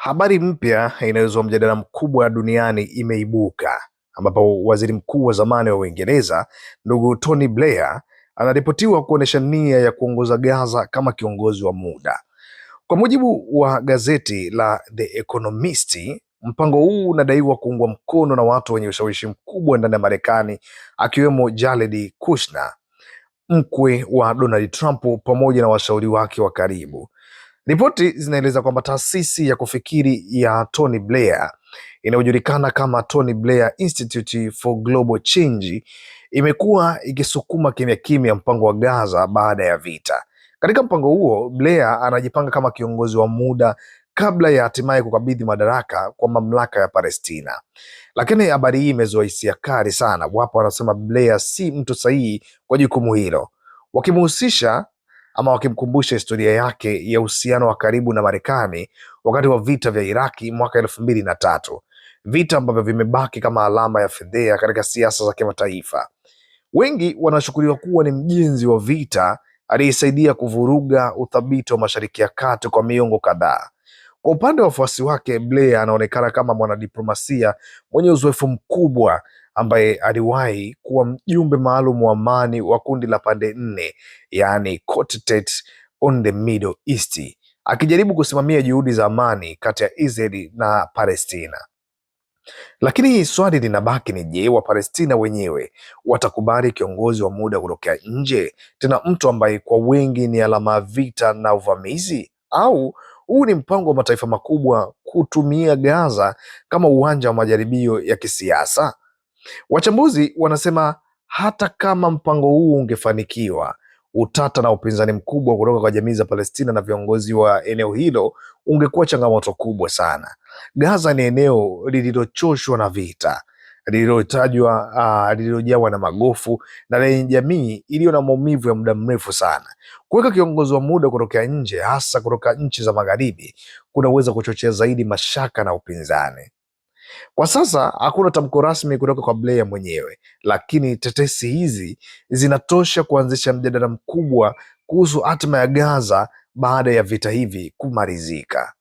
Habari mpya inayozua mjadala mkubwa duniani imeibuka ambapo waziri mkuu wa zamani wa Uingereza ndugu Tony Blair anaripotiwa kuonyesha nia ya kuongoza Gaza kama kiongozi wa muda. Kwa mujibu wa gazeti la The Economist, mpango huu unadaiwa kuungwa mkono na watu wenye ushawishi mkubwa ndani ya Marekani, akiwemo Jared Kushner, mkwe wa Donald Trump, pamoja na washauri wake wa karibu. Ripoti zinaeleza kwamba taasisi ya kufikiri ya Tony Blair inayojulikana kama Tony Blair Institute for Global Change imekuwa ikisukuma kimya kimya mpango wa Gaza baada ya vita. Katika mpango huo, Blair anajipanga kama kiongozi wa muda kabla ya hatimaye kukabidhi madaraka kwa mamlaka ya Palestina. Lakini habari hii imezua hisia kali sana. Wapo wanasema Blair si mtu sahihi kwa jukumu hilo, wakimhusisha ama wakimkumbusha historia yake ya uhusiano wa karibu na Marekani wakati wa vita vya Iraki mwaka elfu mbili na tatu, vita ambavyo vimebaki kama alama ya fedheha katika siasa za kimataifa. Wengi wanashukuliwa kuwa ni mjenzi wa vita aliyesaidia kuvuruga uthabiti wa Mashariki ya Kati kwa miongo kadhaa. Kwa upande wa wafuasi wake, Blair anaonekana kama mwanadiplomasia mwenye uzoefu mkubwa ambaye aliwahi kuwa mjumbe maalum wa amani wa kundi la pande nne, yaani Quartet on the Middle East, akijaribu kusimamia juhudi za amani kati ya Israeli na Palestina. Lakini swali linabaki ni je, Wapalestina wenyewe watakubali kiongozi wa muda kutokea nje, tena mtu ambaye kwa wengi ni alama ya vita na uvamizi? Au huu ni mpango wa mataifa makubwa kutumia Gaza kama uwanja wa majaribio ya kisiasa? Wachambuzi wanasema hata kama mpango huu ungefanikiwa, utata na upinzani mkubwa kutoka kwa jamii za Palestina na viongozi wa eneo hilo ungekuwa changamoto kubwa sana. Gaza ni eneo lililochoshwa na vita lililotajwa uh, lililojawa na magofu na lenye jamii iliyo na maumivu ya muda mrefu sana. Kuweka kiongozi wa muda kutokea nje, hasa kutoka nchi za Magharibi, kunaweza kuchochea zaidi mashaka na upinzani. Kwa sasa hakuna tamko rasmi kutoka kwa Blair mwenyewe, lakini tetesi hizi zinatosha kuanzisha mjadala mkubwa kuhusu hatima ya Gaza baada ya vita hivi kumalizika.